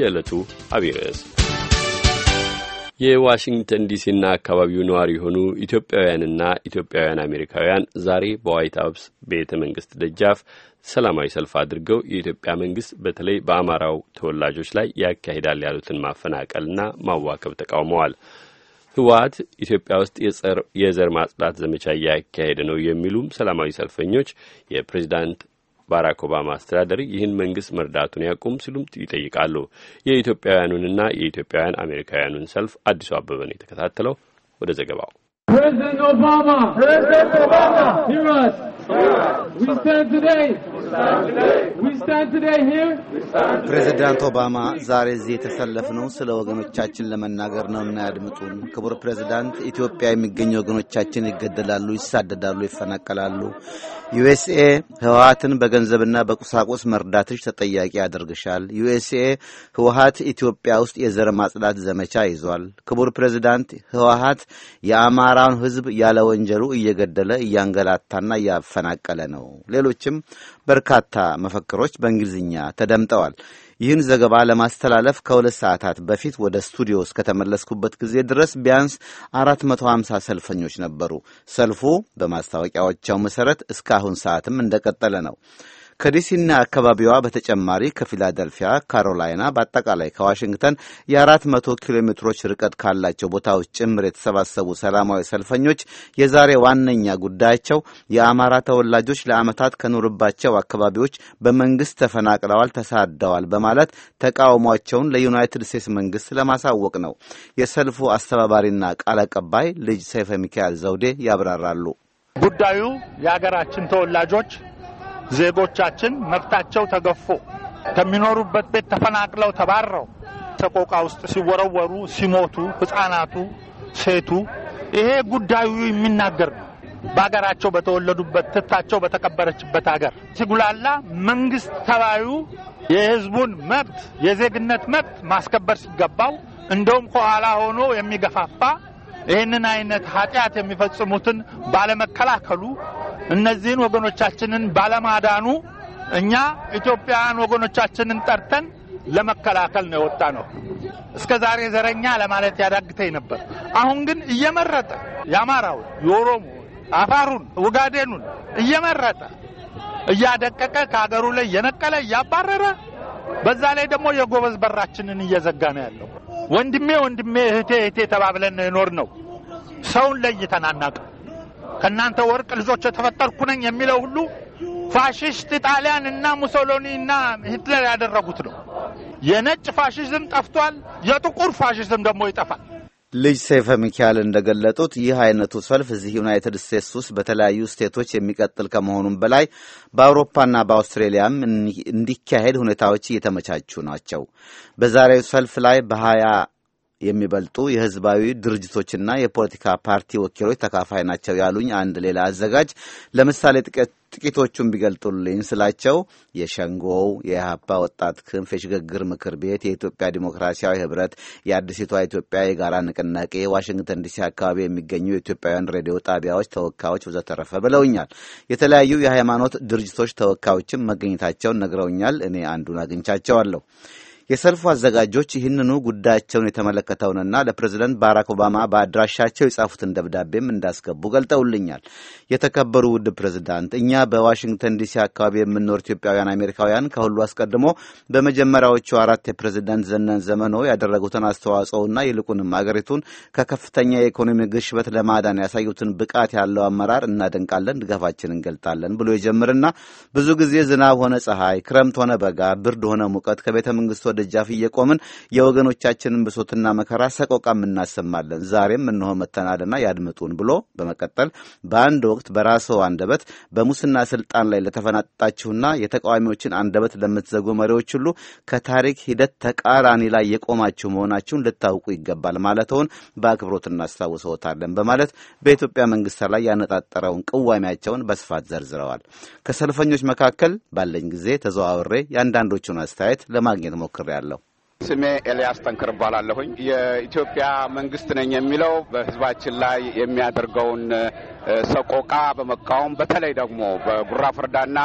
የዕለቱ አብይ ርዕስ የዋሽንግተን ዲሲና አካባቢው ነዋሪ የሆኑ ኢትዮጵያውያንና ኢትዮጵያውያን አሜሪካውያን ዛሬ በዋይት ሀውስ ቤተ መንግስት ደጃፍ ሰላማዊ ሰልፍ አድርገው የኢትዮጵያ መንግስት በተለይ በአማራው ተወላጆች ላይ ያካሂዳል ያሉትን ማፈናቀልና ማዋከብ ተቃውመዋል። ህወሀት ኢትዮጵያ ውስጥ የዘር ማጽዳት ዘመቻ እያካሄደ ነው የሚሉም ሰላማዊ ሰልፈኞች የፕሬዚዳንት ባራክ ኦባማ አስተዳደር ይህን መንግስት መርዳቱን ያቁም ሲሉም ይጠይቃሉ። የኢትዮጵያውያኑንና የኢትዮጵያውያን አሜሪካውያኑን ሰልፍ አዲሱ አበበ ነው የተከታተለው። ወደ ዘገባው ፕሬዚደንት ኦባማ ፕሬዚዳንት ኦባማ ዛሬ እዚህ የተሰለፍነው ስለ ወገኖቻችን ለመናገር ነው እና ያድምጡን። ክቡር ፕሬዚዳንት፣ ኢትዮጵያ የሚገኙ ወገኖቻችን ይገደላሉ፣ ይሳደዳሉ፣ ይፈናቀላሉ። ዩኤስኤ ህወሀትን በገንዘብና በቁሳቁስ መርዳትሽ ተጠያቂ ያደርግሻል። ዩኤስኤ ህወሀት ኢትዮጵያ ውስጥ የዘር ማጽዳት ዘመቻ ይዟል። ክቡር ፕሬዚዳንት፣ ህወሀት የአማራን ህዝብ ያለ ወንጀሉ እየገደለ እያንገላታና እያፈናቀለ ነው። ሌሎችም በርካታ መፈክሮች በእንግሊዝኛ ተደምጠዋል። ይህን ዘገባ ለማስተላለፍ ከሁለት ሰዓታት በፊት ወደ ስቱዲዮ እስከተመለስኩበት ጊዜ ድረስ ቢያንስ 450 ሰልፈኞች ነበሩ። ሰልፉ በማስታወቂያዎቻው መሠረት እስካሁን ሰዓትም እንደቀጠለ ነው። ከዲሲና አካባቢዋ በተጨማሪ ከፊላደልፊያ፣ ካሮላይና፣ በአጠቃላይ ከዋሽንግተን የ400 ኪሎ ሜትሮች ርቀት ካላቸው ቦታዎች ጭምር የተሰባሰቡ ሰላማዊ ሰልፈኞች የዛሬ ዋነኛ ጉዳያቸው የአማራ ተወላጆች ለዓመታት ከኖርባቸው አካባቢዎች በመንግስት ተፈናቅለዋል፣ ተሳደዋል በማለት ተቃውሟቸውን ለዩናይትድ ስቴትስ መንግስት ለማሳወቅ ነው። የሰልፉ አስተባባሪና ቃል አቀባይ ልጅ ሰይፈ ሚካኤል ዘውዴ ያብራራሉ። ጉዳዩ የሀገራችን ተወላጆች ዜጎቻችን መብታቸው ተገፎ ከሚኖሩበት ቤት ተፈናቅለው ተባረው ሰቆቃ ውስጥ ሲወረወሩ ሲሞቱ ህጻናቱ፣ ሴቱ ይሄ ጉዳዩ የሚናገር ነው። በሀገራቸው በተወለዱበት ትታቸው በተቀበረችበት ሀገር ሲጉላላ መንግስት ተባዩ የህዝቡን መብት የዜግነት መብት ማስከበር ሲገባው እንደውም ከኋላ ሆኖ የሚገፋፋ ይህንን አይነት ኃጢአት የሚፈጽሙትን ባለመከላከሉ እነዚህን ወገኖቻችንን ባለማዳኑ እኛ ኢትዮጵያውያን ወገኖቻችንን ጠርተን ለመከላከል ነው የወጣ ነው። እስከ ዛሬ ዘረኛ ለማለት ያዳግተኝ ነበር። አሁን ግን እየመረጠ የአማራውን፣ የኦሮሞ፣ አፋሩን፣ ውጋዴኑን እየመረጠ እያደቀቀ ከሀገሩ ላይ እየነቀለ እያባረረ በዛ ላይ ደግሞ የጎበዝ በራችንን እየዘጋ ነው ያለው። ወንድሜ ወንድሜ፣ እህቴ እህቴ ተባብለን ነው የኖር ነው። ሰውን ለይተን አናውቅም። ከእናንተ ወርቅ ልጆች የተፈጠርኩ ነኝ የሚለው ሁሉ ፋሽስት ጣሊያን እና ሙሶሎኒ እና ሂትለር ያደረጉት ነው። የነጭ ፋሽዝም ጠፍቷል። የጥቁር ፋሽዝም ደግሞ ይጠፋል። ልጅ ሰይፈ ሚካኤል እንደገለጡት ይህ አይነቱ ሰልፍ እዚህ ዩናይትድ ስቴትስ ውስጥ በተለያዩ ስቴቶች የሚቀጥል ከመሆኑም በላይ በአውሮፓና በአውስትሬሊያም እንዲካሄድ ሁኔታዎች እየተመቻቹ ናቸው። በዛሬው ሰልፍ ላይ በሀያ የሚበልጡ የህዝባዊ ድርጅቶችና የፖለቲካ ፓርቲ ወኪሎች ተካፋይ ናቸው ያሉኝ አንድ ሌላ አዘጋጅ ለምሳሌ ጥቂቶቹን ቢገልጡልኝ ስላቸው የሸንጎው፣ የኢህአፓ ወጣት ክንፍ፣ የሽግግር ምክር ቤት፣ የኢትዮጵያ ዲሞክራሲያዊ ህብረት፣ የአዲሲቷ ኢትዮጵያ የጋራ ንቅናቄ፣ ዋሽንግተን ዲሲ አካባቢ የሚገኙ የኢትዮጵያውያን ሬዲዮ ጣቢያዎች ተወካዮች ወዘተረፈ ብለውኛል። የተለያዩ የሃይማኖት ድርጅቶች ተወካዮችም መገኘታቸውን ነግረውኛል። እኔ አንዱን አግኝቻቸዋለሁ። የሰልፉ አዘጋጆች ይህንኑ ጉዳያቸውን የተመለከተውንና ለፕሬዝደንት ባራክ ኦባማ በአድራሻቸው የጻፉትን ደብዳቤም እንዳስገቡ ገልጠውልኛል። የተከበሩ ውድ ፕሬዝዳንት፣ እኛ በዋሽንግተን ዲሲ አካባቢ የምንኖር ኢትዮጵያውያን አሜሪካውያን ከሁሉ አስቀድሞ በመጀመሪያዎቹ አራት የፕሬዝዳንት ዘነን ዘመኖ ያደረጉትን አስተዋጽኦና ይልቁንም አገሪቱን ከከፍተኛ የኢኮኖሚ ግሽበት ለማዳን ያሳዩትን ብቃት ያለው አመራር እናደንቃለን፣ ድጋፋችን እንገልጣለን ብሎ የጀምርና ብዙ ጊዜ ዝናብ ሆነ ፀሐይ፣ ክረምት ሆነ በጋ፣ ብርድ ሆነ ሙቀት ከቤተ መንግስቱ ደጃፍ እየቆምን የወገኖቻችንን ብሶትና መከራ ሰቆቃ እናሰማለን። ዛሬም እንሆ መተናልና ያድምጡን ብሎ በመቀጠል በአንድ ወቅት በራስዎ አንደበት በሙስና ስልጣን ላይ ለተፈናጣችሁና የተቃዋሚዎችን አንደበት ለምትዘጉ መሪዎች ሁሉ ከታሪክ ሂደት ተቃራኒ ላይ የቆማችሁ መሆናችሁን ልታውቁ ይገባል ማለትውን በአክብሮት እናስታውሰዎታለን በማለት በኢትዮጵያ መንግስት ላይ ያነጣጠረውን ቅዋሚያቸውን በስፋት ዘርዝረዋል። ከሰልፈኞች መካከል ባለኝ ጊዜ ተዘዋውሬ የአንዳንዶቹን አስተያየት ለማግኘት ሞክረ ሞክሬያለሁ። ስሜ ኤልያስ ጠንክር እባላለሁኝ። የኢትዮጵያ መንግስት ነኝ የሚለው በህዝባችን ላይ የሚያደርገውን ሰቆቃ በመቃወም በተለይ ደግሞ በጉራ ፈርዳና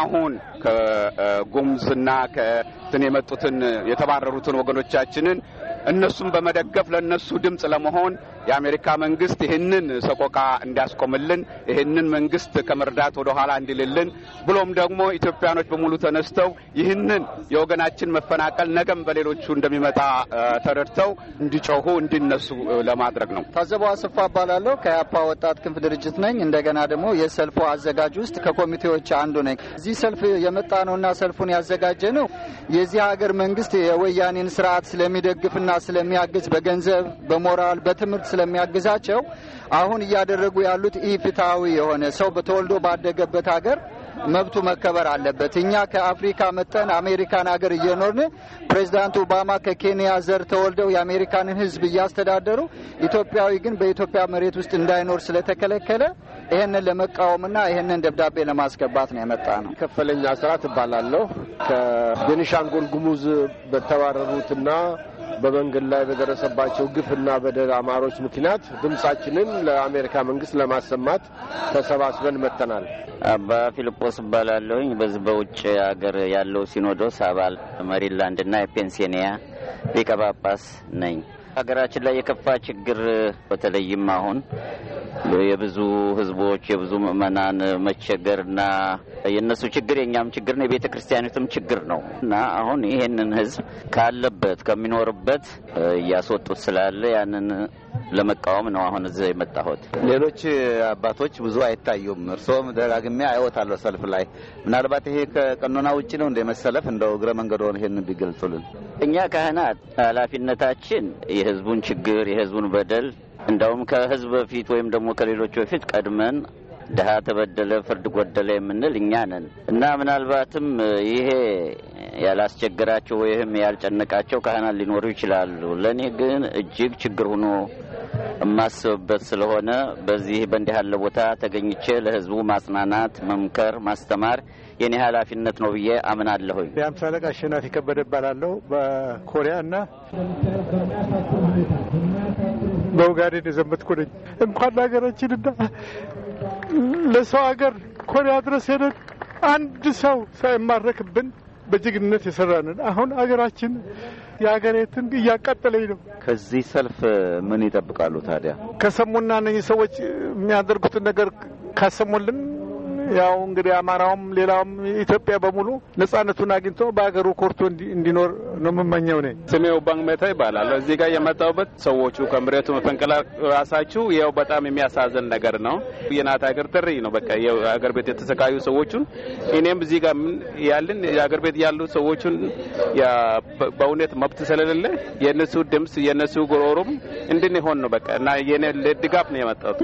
አሁን ከጉምዝና ከትን የመጡትን የተባረሩትን ወገኖቻችንን እነሱን በመደገፍ ለእነሱ ድምፅ ለመሆን የአሜሪካ መንግስት ይህንን ሰቆቃ እንዲያስቆምልን፣ ይህንን መንግስት ከመርዳት ኋላ እንዲልልን፣ ብሎም ደግሞ ኢትዮጵያኖች በሙሉ ተነስተው ይህንን የወገናችን መፈናቀል ነገም በሌሎቹ እንደሚመጣ ተረድተው እንዲጮሁ እንዲነሱ ለማድረግ ነው። ታዘበ አስፋ እባላለሁ። ከያፓ ወጣት ክንፍ ድርጅት ነኝ። እንደገና ደግሞ የሰልፉ አዘጋጅ ውስጥ ከኮሚቴዎች አንዱ ነኝ። እዚህ ሰልፍ የመጣ ነውና ሰልፉን ያዘጋጀ ነው የዚህ ሀገር መንግስት የወያኔን ስርዓት ስለሚደግፍና ስለሚያግዝ በገንዘብ፣ በሞራል፣ በትምህርት ስለሚያግዛቸው አሁን እያደረጉ ያሉት ኢ የሆነ ሰው በተወልዶ ባደገበት ሀገር መብቱ መከበር አለበት። እኛ ከአፍሪካ መጠን አሜሪካን ሀገር እየኖርን ፕሬዚዳንት ኦባማ ከኬንያ ዘር ተወልደው የአሜሪካንን ሕዝብ እያስተዳደሩ ኢትዮጵያዊ ግን በኢትዮጵያ መሬት ውስጥ እንዳይኖር ስለተከለከለ ይህንን ለመቃወምና ይህንን ደብዳቤ ለማስገባት ነው የመጣ ነው። ከፈለኛ ስራ ትባላለሁ ከቤኒሻንጉል ጉሙዝ በተባረሩትና በመንገድ ላይ በደረሰባቸው ግፍና በደል አማሮች ምክንያት ድምጻችንን ለአሜሪካ መንግስት ለማሰማት ተሰባስበን መጥተናል። አባ ፊልጶስ እባላለሁኝ። በዚህ በውጭ ሀገር ያለው ሲኖዶስ አባል መሪላንድና የፔንሴኒያ ሊቀ ጳጳስ ነኝ። ሀገራችን ላይ የከፋ ችግር በተለይም አሁን የብዙ ህዝቦች የብዙ ምእመናን መቸገርና የእነሱ ችግር የእኛም ችግር ነው፣ የቤተ ክርስቲያኒቱም ችግር ነው እና አሁን ይሄንን ህዝብ ካለበት ከሚኖርበት እያስወጡት ስላለ ያንን ለመቃወም ነው አሁን እዚህ የመጣሁት። ሌሎች አባቶች ብዙ አይታዩም። እርስዎም ደጋግሜ አይወታለሁ ሰልፍ ላይ። ምናልባት ይሄ ከቀኖና ውጭ ነው እንደ መሰለፍ እንደው እግረ መንገዶን ይሄን ቢገልጹልን። እኛ ካህናት ኃላፊነታችን የህዝቡን ችግር የህዝቡን በደል እንደውም ከህዝብ በፊት ወይም ደግሞ ከሌሎች በፊት ቀድመን ድሀ ተበደለ፣ ፍርድ ጎደለ የምንል እኛ ነን እና ምናልባትም ይሄ ያላስቸግራቸው ወይም ያልጨነቃቸው ካህናት ሊኖሩ ይችላሉ። ለእኔ ግን እጅግ ችግር ሆኖ የማስብበት ስለሆነ በዚህ በእንዲህ ያለ ቦታ ተገኝቼ ለህዝቡ ማጽናናት፣ መምከር፣ ማስተማር የኔ ኃላፊነት ነው ብዬ አምናለሁኝ። የአምሳ አለቃ አሸናፊ ከበደ እባላለሁ። በኮሪያ እና ለኦጋዴን የዘመትኩ ነኝ። እንኳን ለሀገራችንና ለሰው ሀገር ኮሪያ ድረስ ሄደን አንድ ሰው ሳይማረክብን በጀግንነት የሰራንን አሁን ሀገራችን የሀገሬትን እያቃጠለኝ ነው። ከዚህ ሰልፍ ምን ይጠብቃሉ ታዲያ? ከሰሙና እነዚህ ሰዎች የሚያደርጉትን ነገር ካሰሙልን ያው እንግዲህ አማራውም ሌላውም ኢትዮጵያ በሙሉ ነጻነቱን አግኝቶ በሀገሩ ኮርቶ እንዲኖር ነው የምመኘው እኔ። ስሜው ባንክ ይባላል። እዚህ ጋር የመጣሁበት ሰዎቹ ከምሬቱ መፈንቅላ ራሳችሁ ያው በጣም የሚያሳዝን ነገር ነው። የናት ሀገር ጥሪ ነው። በቃ የሀገር ቤት የተሰቃዩ ሰዎቹን እኔም እዚህ ጋር ያልን የሀገር ቤት ያሉ ሰዎቹን በእውነት መብት ስለሌለ የእነሱ ድምፅ የእነሱ ጉሮሮም እንድንሆን ነው በቃ እና የኔ ድጋፍ ነው የመጣሁት።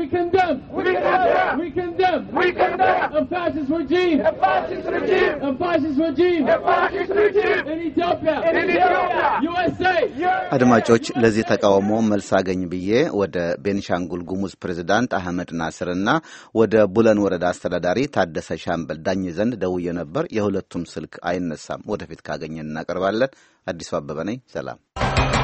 አድማጮች ለዚህ ተቃውሞ መልስ አገኝ ብዬ ወደ ቤንሻንጉል ጉሙዝ ፕሬዝዳንት አህመድ ናስርና ወደ ቡለን ወረዳ አስተዳዳሪ ታደሰ ሻምበል ዳኝ ዘንድ ደውዬ ነበር። የሁለቱም ስልክ አይነሳም። ወደፊት ካገኘን እናቀርባለን። አዲሱ አበበ ነኝ። ሰላም